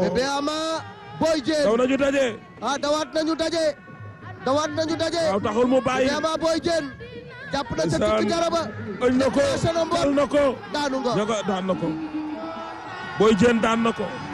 Bébé eh Ama Boy Diène daw nañu daje. ah dawaat nañu daje. dawaat nañu daje. taxul mu bàyyi eh Bébé Ama Boy Diène. jàpp na ca tukki garaba. ëñ na ko dal na daan na ko. daan na ko.